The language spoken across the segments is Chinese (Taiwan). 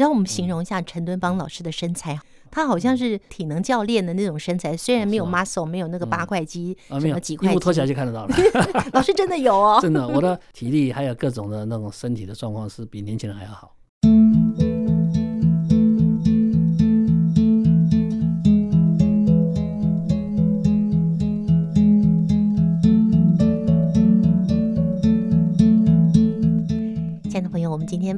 讓我們形容一下陳敦邦老師的身材，嗯、他好像是體能教練的那種身材，嗯、雖然沒有 muscle，嗯、沒有那個八塊肌，啊肌啊，沒有幾塊肌，衣服脫起來就看得到了。 老師真的有哦， 真的，我的體力還有各種的那種身體的狀況是比年輕人還要好。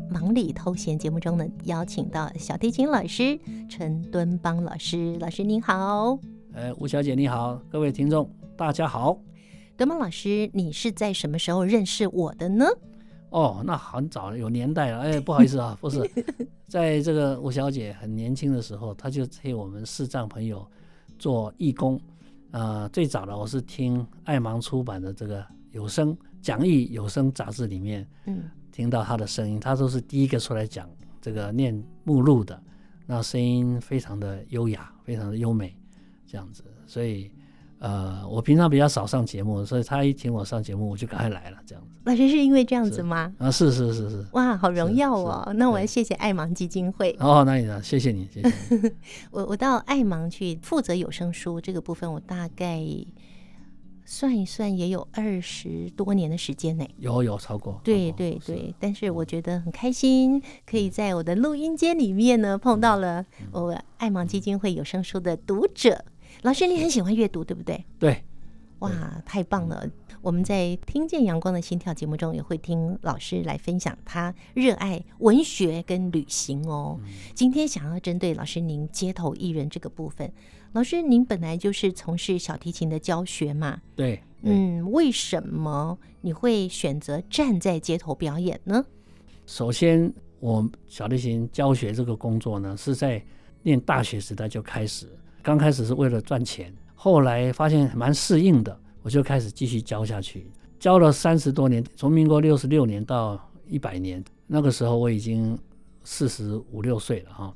忙裡偷閒，節目中呢，邀請到小提琴老師陳敦邦老師，老師您好。吳、哎、小姐你好，各位聽眾大家好。敦邦老師，你是在什麼時候認識我的呢？哦，那很早了，有年代了，哎，不好意思啊， 不是，在這個吳小姐很年輕的時候，她就替我們視障朋友做義工，啊、呃，最早的我是聽愛盲出版的這個有聲講義有聲雜誌裡面，嗯。聽到他的聲音，他都是第一個出來講這個念目錄的，那聲音非常的優雅，非常的優美，這樣子。所以，呃，我平常比較少上節目，所以他一請我上節目，我就趕快來了，這樣子。老師是因為這樣子嗎？啊，是是是是，哇，好榮耀哦！那我要謝謝愛盲基金會。哦，那也謝謝你，謝謝你。 我我到愛盲去負責有聲書這個部分，我大概。算一算，也有二十多年的時間呢、欸。有有超過，超過。對對對，但是我覺得很開心，可以在我的錄音間裡面呢碰到了我愛盲基金會有聲書的讀者老師。你很喜歡閱讀，對不對？對。對哇，太棒了！嗯、我們在《聽見陽光的心跳》節目中也會聽老師來分享他熱愛文學跟旅行哦。嗯、今天想要針對老師您街頭藝人這個部分。老師，您本來就是從事小提琴的教學嘛？對，嗯，嗯，為什麼你會選擇站在街頭表演呢？首先，我小提琴教學這個工作呢，是在念大學時代就開始，剛開始是為了賺錢，後來發現蠻適應的，我就開始繼續教下去，教了三十多年，從民國六十六年到一百年，那個時候我已經四十五六歲了啊。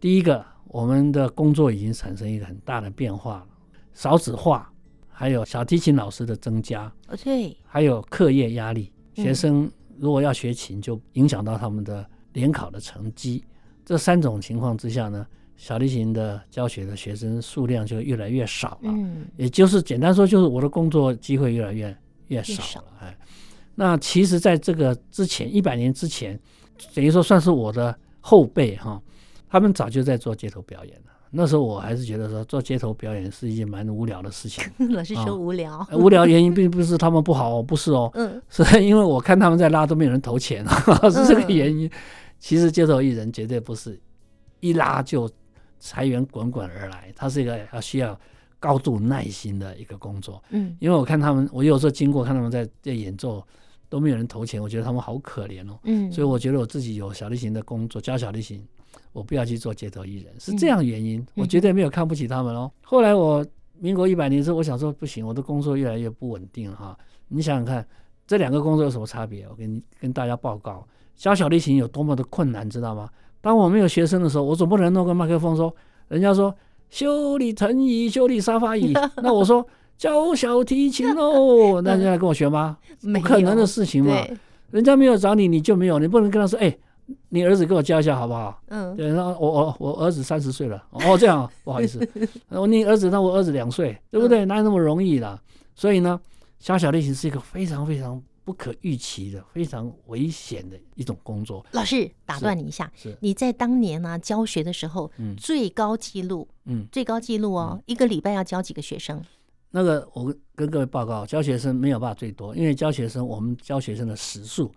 第一個，我們的工作已經產生一個很大的變化了，少子化，還有小提琴老師的增加，對，還有課業壓力，學生如果要學琴就影響到他們的聯考的成績，嗯，這三種情況之下呢，小提琴的教學的學生數量就越來越少了，嗯，也就是簡單說，就是我的工作機會越來越越少了，越少，哎，那其實在這個之前，一百年之前，等於說算是我的後輩哈。他們早就在做街頭表演了。那時候我還是覺得說做街頭表演是一件蠻無聊的事情。 老師說無聊、嗯。無聊原因並不是他們不好、哦、不是哦。嗯、是，因為我看他們在拉都沒有人投錢， 是這個原因。嗯、其實街頭藝人絕對不是一拉就財源滾滾而來，他是一個要需要高度耐心的一個工作。嗯。因為我看他們，我有時候經過看他們在在演奏都沒有人投錢，我覺得他們好可憐哦。嗯。所以我覺得我自己有小提琴的工作，教小提琴。我不要去做街頭藝人，是這樣的原因、嗯。我絕對沒有看不起他們哦、嗯。後來我民國一百年之後，我想說不行，我的工作越來越不穩定了哈。你想想看，這兩個工作有什麼差別？我跟你跟大家報告，教小提琴有多麼的困難，知道嗎？當我沒有學生的時候，我總不能弄個麥克風說，人家說修理藤椅、修理沙發椅， 那我說教小提琴嘍、哦，那你要跟我學嗎？ 不可能的事情嘛。人家沒有找你，你就沒有，你不能跟他說，哎、欸。你兒子給我教一下好不好？嗯，對，那我我我兒子三十歲了哦，這樣、啊、 不好意思。你兒子那我兒子兩歲，對不對、嗯？哪有那麼容易啦、啊。所以呢，狹小類型是一個非常非常不可預期的、非常危險的一種工作。老師打斷你一下，你在當年呢、啊、教學的時候，嗯，最高紀錄，嗯，最高紀錄哦、嗯，一個禮拜要教幾個學生？那個我跟各位報告，教學生沒有辦法最多，因為教學生我們教學生的時數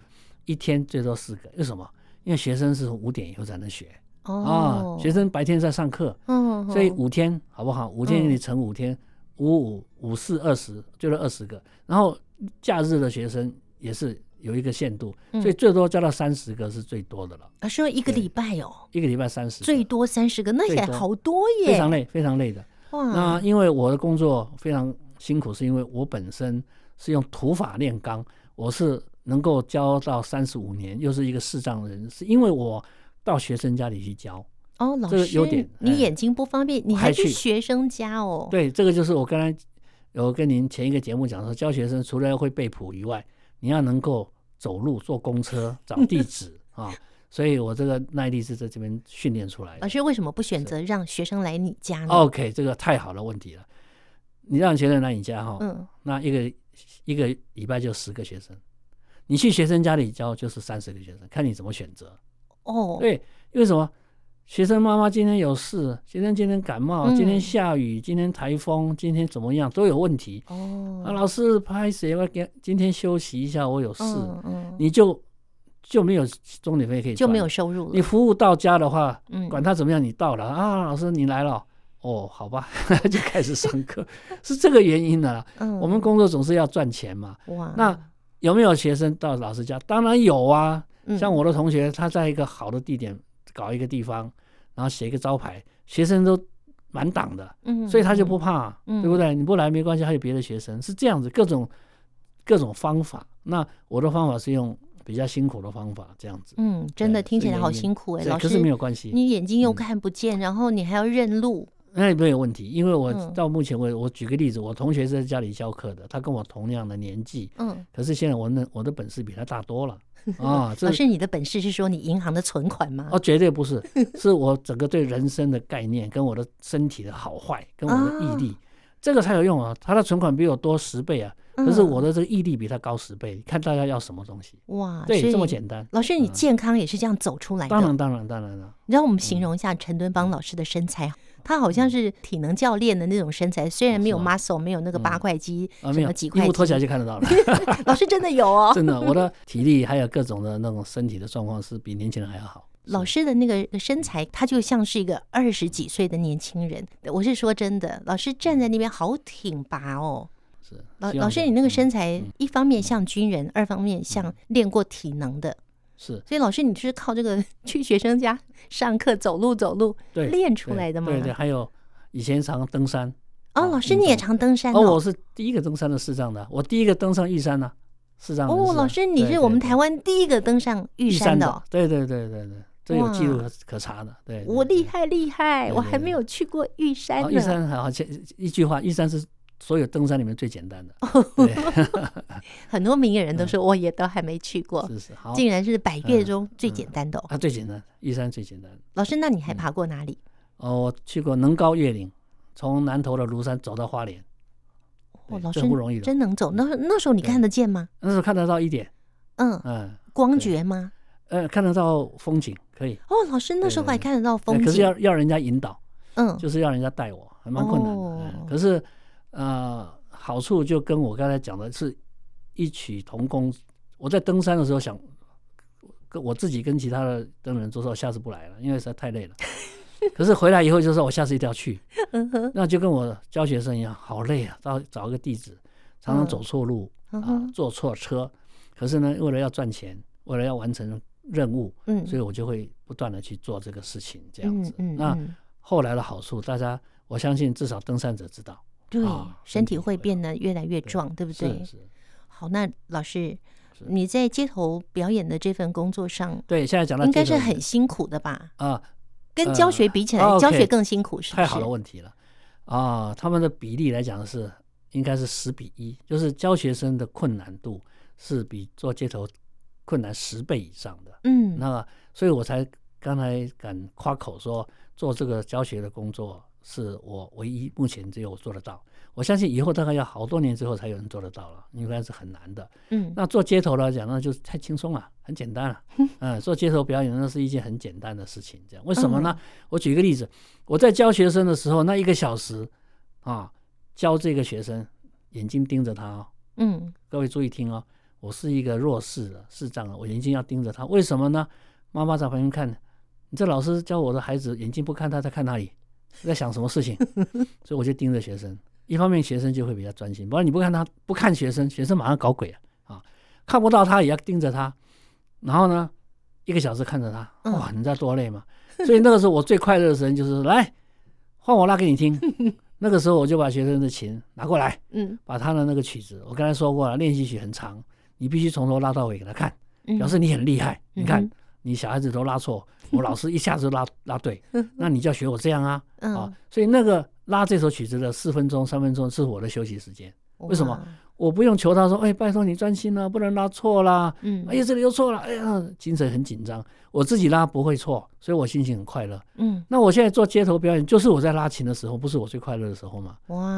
一天最多四個，為什麼？因為學生是五點以後才能學、哦、啊，學生白天在上課、嗯，所以五天好不好？五天你乘五天，五五五四二十，5, 5, 5, 4, 20, 就是二十個。然後假日的學生也是有一個限度，嗯、所以最多加到三十個是最多的了。嗯、啊，說一個禮拜哦，一個禮拜三十，最多三十個，那也好多耶多，非常累，非常累的。那、啊、因為我的工作非常辛苦，是因為我本身是用土法煉鋼，我是。能夠教到三十五年，又是一個視障人士，是因為我到學生家裡去教哦，老師、這個、有點你眼睛不方便，你還去學生家哦。對，這個就是我剛才，有跟您前一個節目講說，教學生除了會背譜以外，你要能夠走路、坐公車、找地址啊、 哦，所以我這個耐力是在這邊訓練出來的。老師為什麼不選擇讓學生來你家呢？OK，這個太好的問題了。你讓學生來你家哈、哦嗯，那一個一個禮拜就十個學生。你去學生家裡教就是三十個學生，看你怎麼選擇哦。Oh. 對，因為什麼？學生媽媽今天有事，學生今天感冒，嗯、今天下雨，今天台風，今天怎麼樣都有問題哦。Oh. 啊，老師拍謝了？我今天休息一下？我有事，oh. 你就就沒有鐘點費可以就沒有收入。你服務到家的話，管他怎麼樣，你到了、嗯、啊，老師你來了哦，好吧， 就開始上課， 是這個原因的、啊。 嗯，我們工作總是要賺錢嘛。哇、wow.，那。有沒有學生到老師家？當然有啊，像我的同學、嗯，他在一個好的地點搞一個地方，然後寫一個招牌，學生都滿檔的、嗯，所以他就不怕、嗯，對不對？你不來沒關係，還有別的學生，是這樣子，各種各種方法。那我的方法是用比較辛苦的方法，這樣子。嗯，真的聽起來好辛苦誒、欸、老師可是沒有關係，你眼睛又看不見，嗯、然後你還要認路。那也沒有問題，因為我到目前為止、嗯，我舉個例子，我同學是在家裡教課的，他跟我同樣的年紀，嗯，可是現在我的，我的本事比他大多了啊、嗯哦。老師，你的本事是說你銀行的存款嗎？哦，絕對不是， 是我整個對人生的概念，跟我的身體的好壞，跟我的毅力、啊，這個才有用啊。他的存款比我多十倍啊、嗯，可是我的這個毅力比他高十倍。看大家要什麼東西哇？對，這麼簡單。老師，你健康也是這樣走出來的、嗯？當然，當然，當然了。你讓我們形容一下陳敦邦老師的身材。他好像是體能教練的那種身材，雖然沒有 muscle，啊、沒有那個八塊肌，嗯，啊，沒有幾塊，衣服脫起來就看得到了。 老師真的有哦， 真的，我的體力還有各種的那種身體的狀況是比年輕人還要好。老師的那個身材，他就像是一個二十幾歲的年輕人。我是說真的，老師站在那邊好挺拔哦。是老老師，你那個身材、嗯，一方面像軍人，二方面像練過體能的。是，所以老師你就是靠這個去學生家上課，走路走路練出來的嗎？對，對對，還有以前常登山。哦、啊、老師你也常登山哦。哦，我是第一個登山的視障的，我第一個登上玉山，啊、視障的。視障。哦，老師你是我們台灣第一個登上玉山的。對對對對對，這有記錄可查的。對。我厲害厲害，我還沒有去過玉山呢。玉山好，一句話玉山是所有登山裡面最簡單的， 很多明眼人都說我也都還沒去過， 嗯、是是好，竟然是百岳中最簡單的、哦。那、嗯嗯啊、最簡單，玉山最簡單的。老師，那你還爬過哪裡？嗯、哦，我去過能高越嶺，從南投的廬山走到花蓮，哦，老師不容易的，真能走。那那時候你看得見嗎？那時候看得到一點，嗯嗯，光覺嗎？呃，看得到風景，可以。哦，老師那時候還看得到風景，可是要要人家引導，嗯，就是要人家帶我，還蠻困難、哦嗯，可是。呃，好處就跟我剛才講的是異曲同工。我在登山的時候想，跟我自己跟其他的登人，就說，我下次不來了，因為實在太累了。 可是回來以後就說我下次一定要去， 那就跟我教學生一樣，好累啊，到找一個地址，常常走錯路，嗯、啊，坐錯車。可是呢，為了要賺錢，為了要完成任務，嗯，所以我就會不斷的去做這個事情，這樣子。嗯嗯、那、嗯、後來的好處，大家我相信至少登山者知道。對、哦，身體會變得越來越壯哦，身體會變得越來越壯，對，對不對？好，那老師，你在街頭表演的這份工作上，對，現在講到應該是很辛苦的吧？啊、呃，跟教學比起來，呃、教學更辛苦是，是？太好的問題了。啊、呃，他們的比例來講是應該是十比一，就是教學生的困難度是比做街頭困難十倍以上的。嗯，那所以我才剛才敢誇口說做這個教學的工作，是我唯一目前只有我做得到，我相信以後大概要好多年之後才有人做得到了，應該是很難的。嗯，那做街頭來講那就太輕鬆了，很簡單了啊。嗯，做街頭表演那是一件很簡單的事情，這樣為什麼呢？我舉一個例子，我在教學生的時候，那一個小時啊，教這個學生眼睛盯着他哦。嗯，各位注意聽哦，我是一個弱勢的視障，我眼睛要盯着他，為什麼呢？媽媽在旁邊看，你這老師教我的孩子眼睛不看他，在看哪裡？ 在想什麼事情，所以我就盯着學生，一方面學生就會比較專心，不然你不看他不看學生，學生馬上搞鬼了啊！看不到他也要盯着他，然後呢，一個小時看着他，哇，你知道多累嗎？所以那個時候我最快樂的時候就是來換我拉給你聽， 那個時候我就把學生的琴拿過來，嗯，把他的那個曲子，我剛才說過了，練習曲很長，你必須從頭拉到尾給他看，表示你很厲害，嗯、你看。嗯你小孩子都拉錯，我老師一下子拉 拉對，那你就要學我這樣啊、嗯、啊！所以那個拉這首曲子的四分鐘、三分鐘是我的休息時間。為什麼？我不用求他說：“哎、欸，拜托你專心了、啊，不能拉錯啦。嗯”哎呀，這裡又錯了。哎呀，精神很緊張。我自己拉不會錯，所以我心情很快樂、嗯。那我現在做街頭表演，就是我在拉琴的時候，不是我最快樂的時候嘛。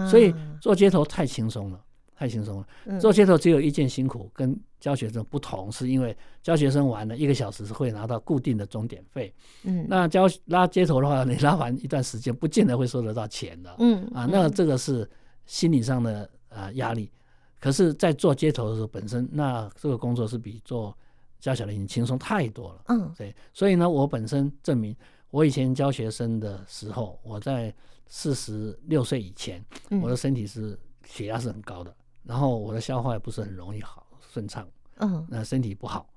所以做街頭太輕鬆了。太輕鬆了。做街頭只有一件辛苦，嗯，跟教學生不同，是因為教學生玩的一個小時是會拿到固定的鐘點費。嗯，那教拉街頭的話，你拉完一段時間，不見得會收得到錢的嗯。嗯，啊，那這個是心理上的呃壓力。可是，在做街頭的時候，本身那這個工作是比做教小孩已經輕鬆太多了。嗯，對。所以呢，我本身證明，我以前教學生的時候，我在四十六歲以前，我的身體是血壓是很高的。嗯然後我的消化也不是很容易好順暢，嗯，那身體不好，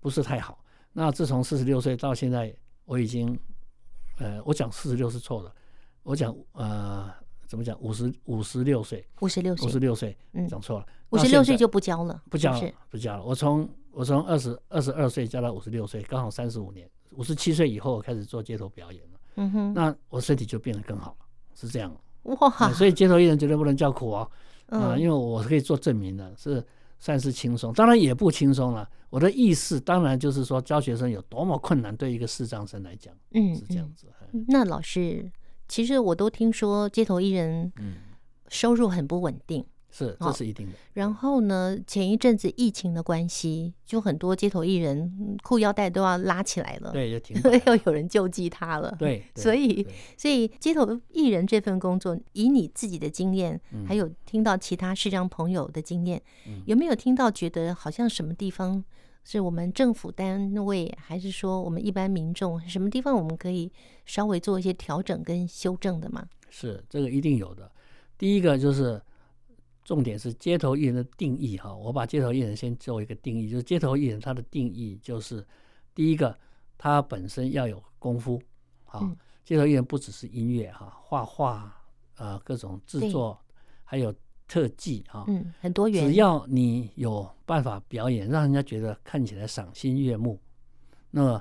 不是太好。那自從四十六歲到現在，我已經，呃，我講四十六是錯的，我講呃，怎麼講五十五十六歲，五十六歲，五十六歲，嗯，講錯了，五十六歲就不教了，不教了，是不是？不教了。我從我從二十二十二歲教到五十六歲，剛好三十五年。五十七歲以後開始做街頭表演了，嗯哼，那我身體就變得更好了，是這樣。哇，嗯，所以街頭藝人絕對不能叫苦哦。啊、呃，因為我是可以做證明的，是算是輕鬆，當然也不輕鬆了。我的意思當然就是說，教學生有多麼困難，對一個視障生來講，嗯，嗯，是這樣子，嗯。那老師，其實我都聽說街頭藝人，嗯，收入很不穩定。嗯是，這是一定的。然後呢，前一陣子疫情的關係，就很多街頭藝人褲腰帶都要拉起來了。對，也挺又有人救濟他了。對，對所以，所以街頭藝人這份工作，以你自己的經驗，還有聽到其他視障朋友的經驗、嗯，有沒有聽到覺得好像什麼地方是我們政府單位，還是說我們一般民眾，什麼地方我們可以稍微做一些調整跟修正的嗎？是，這個一定有的。第一個就是。重點是街頭藝人的定義哈、啊，我把街頭藝人先做一個定義，就是街頭藝人他的定義就是，第一個，他本身要有功夫啊、嗯，街頭藝人不只是音樂哈，畫畫啊畫畫，呃，各種製作，還有特技啊，嗯，很多元，只要你有辦法表演，讓人家覺得看起來賞心悅目，那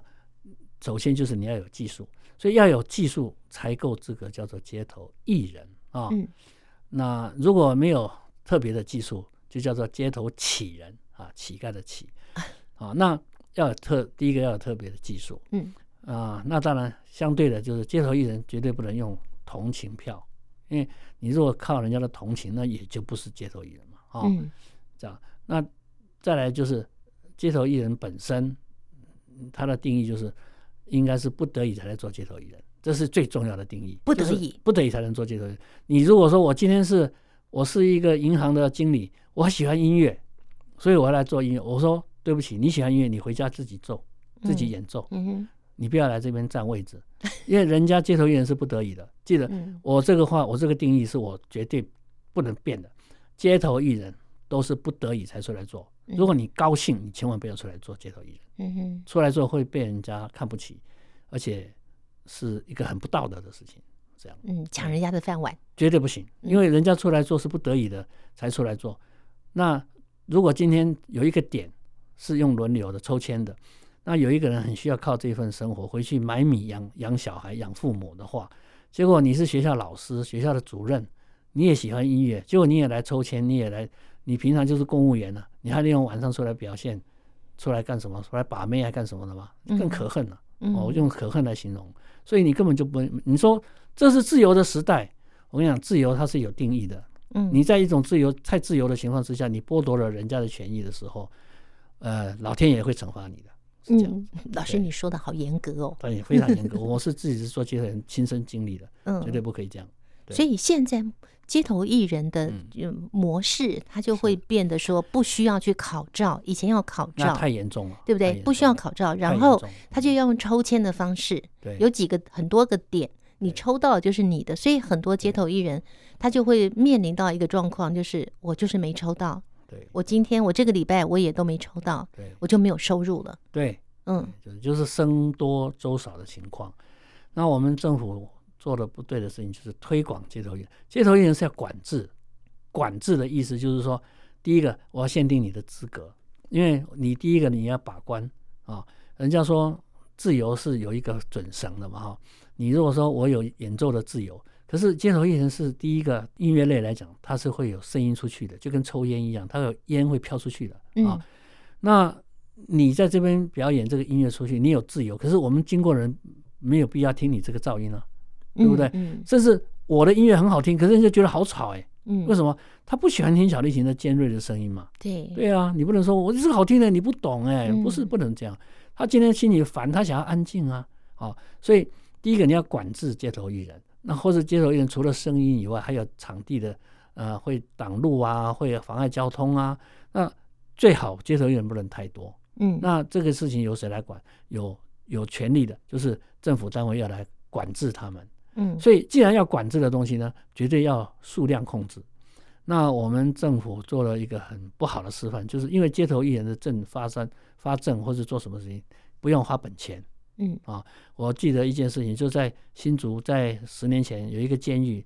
首先就是你要有技術，所以要有技術才夠資格叫做街頭藝人啊、嗯，那如果沒有。特別的技術就叫做街頭乞人啊，乞丐的乞啊，那要特第一個要有特別的技術、嗯，啊，那當然相對的就是街頭藝人絕對不能用同情票，因為你如果靠人家的同情，那也就不是街頭藝人嘛、啊嗯，這樣，那再來就是街頭藝人本身，他的定義就是應該是不得已才來做街頭藝人，這是最重要的定義，不得已，就是、不得已才能做街頭藝人。你如果說我今天是。我是一個銀行的經理，我喜歡音樂，所以我來做音樂。我說對不起，你喜歡音樂，你回家自己奏，自己演奏、嗯嗯，你不要來這邊占位置，因為人家街頭藝人是不得已的。記得、嗯、我這個話，我這個定義是我絕對不能變的。街頭藝人都是不得已才出來做，如果你高興，你千萬不要出來做街頭藝人。嗯哼、出來做會被人家看不起，而且是一個很不道德的事情。這樣，嗯，搶人家的飯碗絕對不行，因為人家出來做是不得已的、嗯、才出來做。那如果今天有一個點是用輪流的抽籤的，那有一個人很需要靠這一份生活回去買米養養小孩養父母的話，結果你是學校老師學校的主任，你也喜歡音樂，結果你也來抽籤，你也來，你平常就是公務員了、啊，你還利用晚上出來表現，出來幹什麼？出來把妹還幹什麼的嗎？更可恨了。嗯我用可恨來形容，所以你根本就不會。你說這是自由的時代，我跟你講，自由它是有定義的。嗯，你在一種自由太自由的情況之下，你剝奪了人家的權益的時候，呃，老天也會懲罰你的，是這樣子。嗯，老師，你說的好嚴格哦。對，非常嚴格。我是自己是做些人親身經歷的， 絕對不可以這樣。所以現在街頭藝人的模式，他就會變得說不需要去考照，嗯、以前要考，對對要考照，太嚴重了，對不對？不需要考照，然後他就要用抽籤的方式，嗯、有幾個、嗯、很多個點，你抽到就是你的。所以很多街頭藝人他就會面臨到一個狀況，就是我就是沒抽到，對，我今天我這個禮拜我也都沒抽到，對對，我就沒有收入了，對，嗯，就是就是僧多粥少的情況。那我們政府。做的不對的事情就是推廣街頭藝人。街頭藝人是要管制，管制的意思就是說，第一個我要限定你的資格，因為你第一個你要把關啊。人家說自由是有一個準繩的嘛哈。你如果說我有演奏的自由，可是街頭藝人是第一個音樂類來講，它是會有聲音出去的，就跟抽菸一樣，它有煙會飄出去的啊。嗯，那你在這邊表演這個音樂出去，你有自由，可是我們經過人沒有必要聽你這個噪音啊。對不對？嗯嗯，甚至我的音樂很好聽，可是人家覺得好吵哎、欸嗯，為什麼？他不喜歡聽小提琴的尖銳的聲音嘛。對，對啊，你不能說我是好聽的，你不懂哎、欸嗯，不是，不能這樣。他今天心裡煩，他想要安靜啊，好、哦，所以第一個你要管制街頭藝人，那或者街頭藝人除了聲音以外，還有場地的，呃，會擋路啊，會妨礙交通啊，那最好街頭藝人不能太多。嗯，那這個事情由誰來管？有有權利的就是政府單位要來管制他們。嗯，所以既然要管制的東西呢，絕對要數量控制，那我們政府做了一個很不好的示範，就是因為街頭藝人的證發生發證或者做什麼事情，不用花本錢。嗯啊，我記得一件事情，就在新竹，在十年前有一個監獄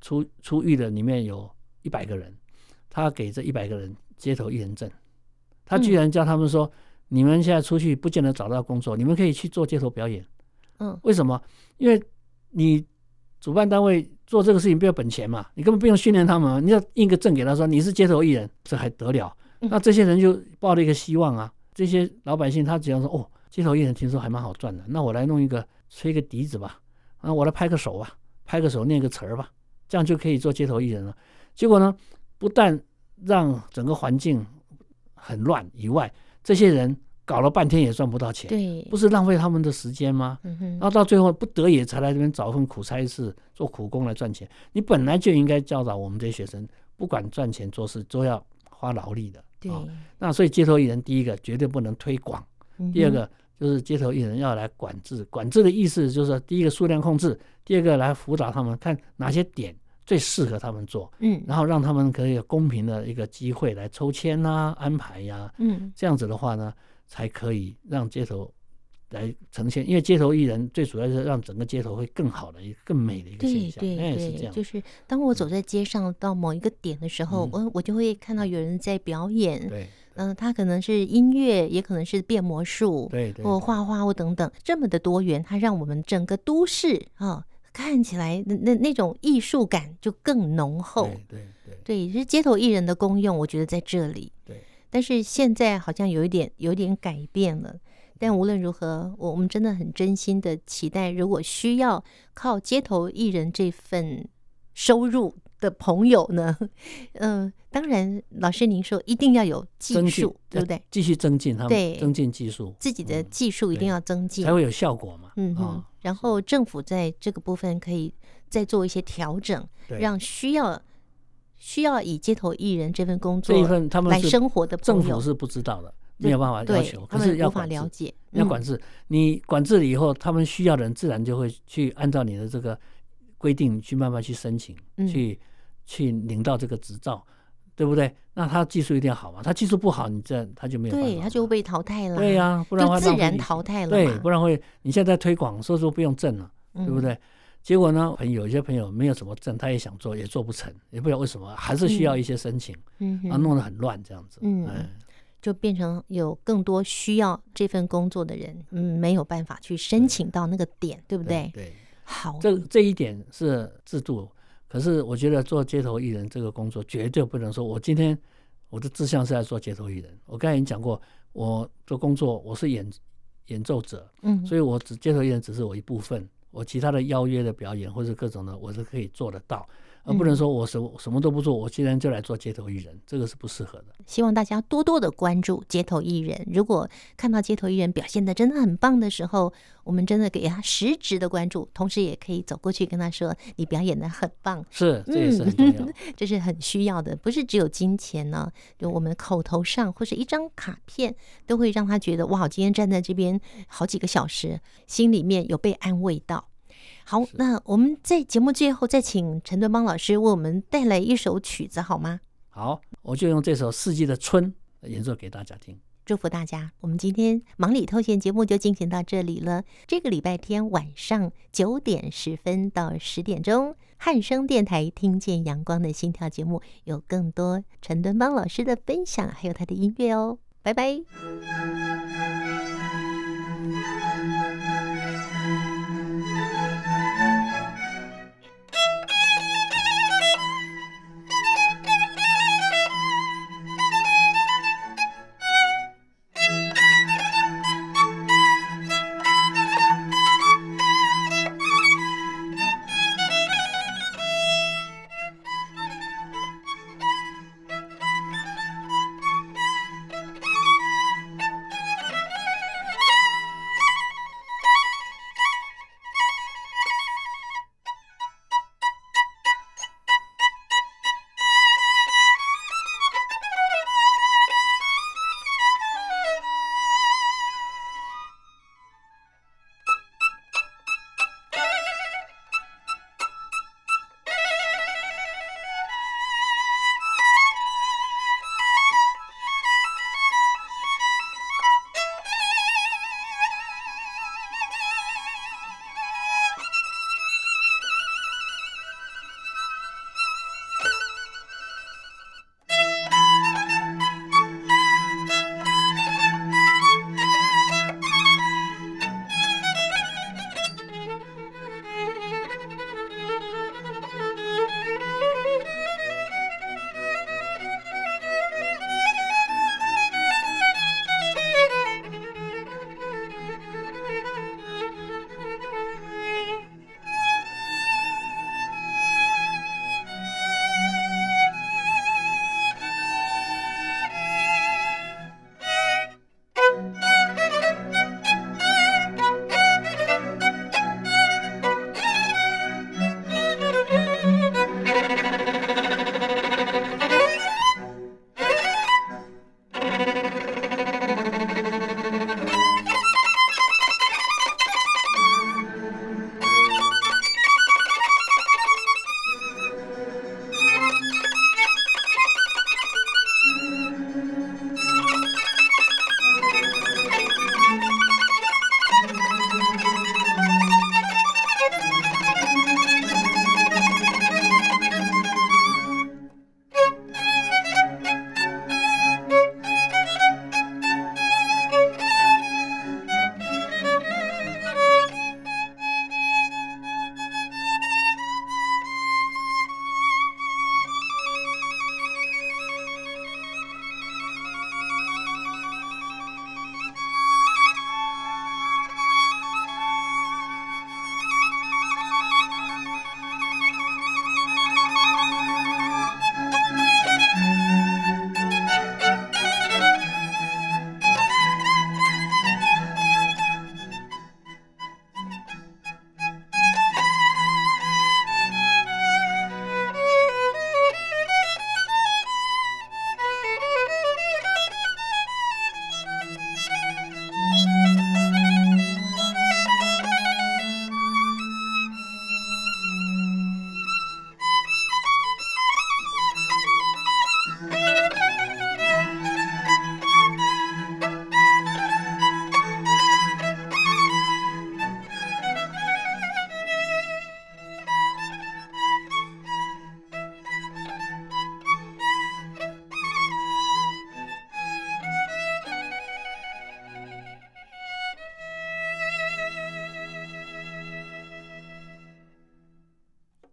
出出獄的，裡面有一百個人，他給這一百個人街頭藝人證，他居然叫他們說、嗯：“你們現在出去不見得找到工作，你們可以去做街頭表演。”嗯，為什麼？因為你主辦單位做這個事情不要本錢嘛？你根本不用訓練他們，啊，你要印個證給他說，你是街頭藝人，這還得了？嗯，那這些人就抱着一個希望啊，這些老百姓他只要說哦，街頭藝人聽說還蠻好賺的，那我來弄一個吹一個笛子吧，啊，我來拍個手啊，拍個手念個詞吧，這樣就可以做街頭藝人了。結果呢，不但讓整個環境很亂，以外，這些人。搞了半天也賺不到錢，對，不是浪費他們的時間嗎？嗯哼，然後到最後不得已才來這邊找份苦差事做苦工來賺錢。你本來就應該教導我們這些學生，不管賺錢做事都要花勞力的。對。哦、那所以街頭藝人，第一個絕對不能推廣、嗯，第二個就是街頭藝人要來管制。管制的意思就是，第一個數量控制，第二個來輔導他們，看哪些點最適合他們做，嗯，然後讓他們可以有公平的一個機會來抽籤啊、安排呀、啊，嗯，這樣子的話呢。才可以讓街頭來呈現，因為街頭藝人最主要是讓整個街頭會更好的一個、更美的一個現象。對對對、欸是這樣，就是當我走在街上到某一個點的時候，嗯、我我就會看到有人在表演。嗯、對，嗯、呃，他可能是音樂，也可能是變魔術，對，或畫畫，或等等，這麼的多元，它讓我們整個都市啊、呃、看起來那那種藝術感就更濃厚。對對對，對，是街頭藝人的功用，我覺得在這裡。對。但是現在好像有一點有一點改變了，但無論如何，我我們真的很真心的期待，如果需要靠街頭藝人這份收入的朋友呢，嗯，當然，老師您說一定要有技術，對不對？繼續增進他們，對，增進技術、嗯，自己的技術一定要增進，才會有效果嘛。嗯、哦，然後政府在這個部分可以再做一些調整，對，讓需要。需要以街頭藝人這份工作，這份他們來生活的政府是不知道的，沒有辦法要求，可是要管他了解，要管制，嗯，你管制了以後，他們需要的人自然就會去按照你的這個規定去慢慢去申請，去，嗯，去領到這個執照，對不對？那他技術一定要好嘛？他技術不好，你這樣他就沒有辦法，對，他就會被淘汰了。對呀，啊，不然會自然淘汰了對，不然會，你現在，在推廣，所以說不用證了，嗯，對不對？結果呢？有一些朋友沒有什麼證，他也想做，也做不成，也不知道為什麼，還是需要一些申請，嗯嗯、啊，弄得很亂這樣子嗯，嗯，就變成有更多需要這份工作的人，嗯，沒有辦法去申請到那個點，對，對不對，對？對，好，這這一點是制度，可是我覺得做街頭藝人這個工作絕對不能說，我今天我的志向是在做街頭藝人。我剛才已經講過，我做工作我是演演奏者，嗯，所以我只街頭藝人只是我一部分。我其他的邀約的表演，或者各種的，我是可以做得到。而不能說我什什麼都不做，嗯、我竟然就來做街頭藝人，這個是不適合的。希望大家多多的關注街頭藝人，如果看到街頭藝人表現的真的很棒的時候，我們真的給他實質的關注，同時也可以走過去跟他說：“你表演的很棒。”是，這也是很重要、嗯呵呵，這是很需要的，不是只有金錢呢。就我們口頭上或是一張卡片，都會讓他覺得哇，今天站在這邊好幾個小時，心裡面有被安慰到。好，那我們在節目最後再請陳敦邦老師為我們帶來一首曲子，好嗎？好，我就用這首《四季的春》演奏給大家聽，祝福大家。我們今天忙裡偷閒節目就進行到這裡了。這個禮拜天晚上九點十分到十點鐘，漢聲電台《聽見陽光的心跳》節目有更多陳敦邦老師的分享，還有他的音樂哦。拜拜。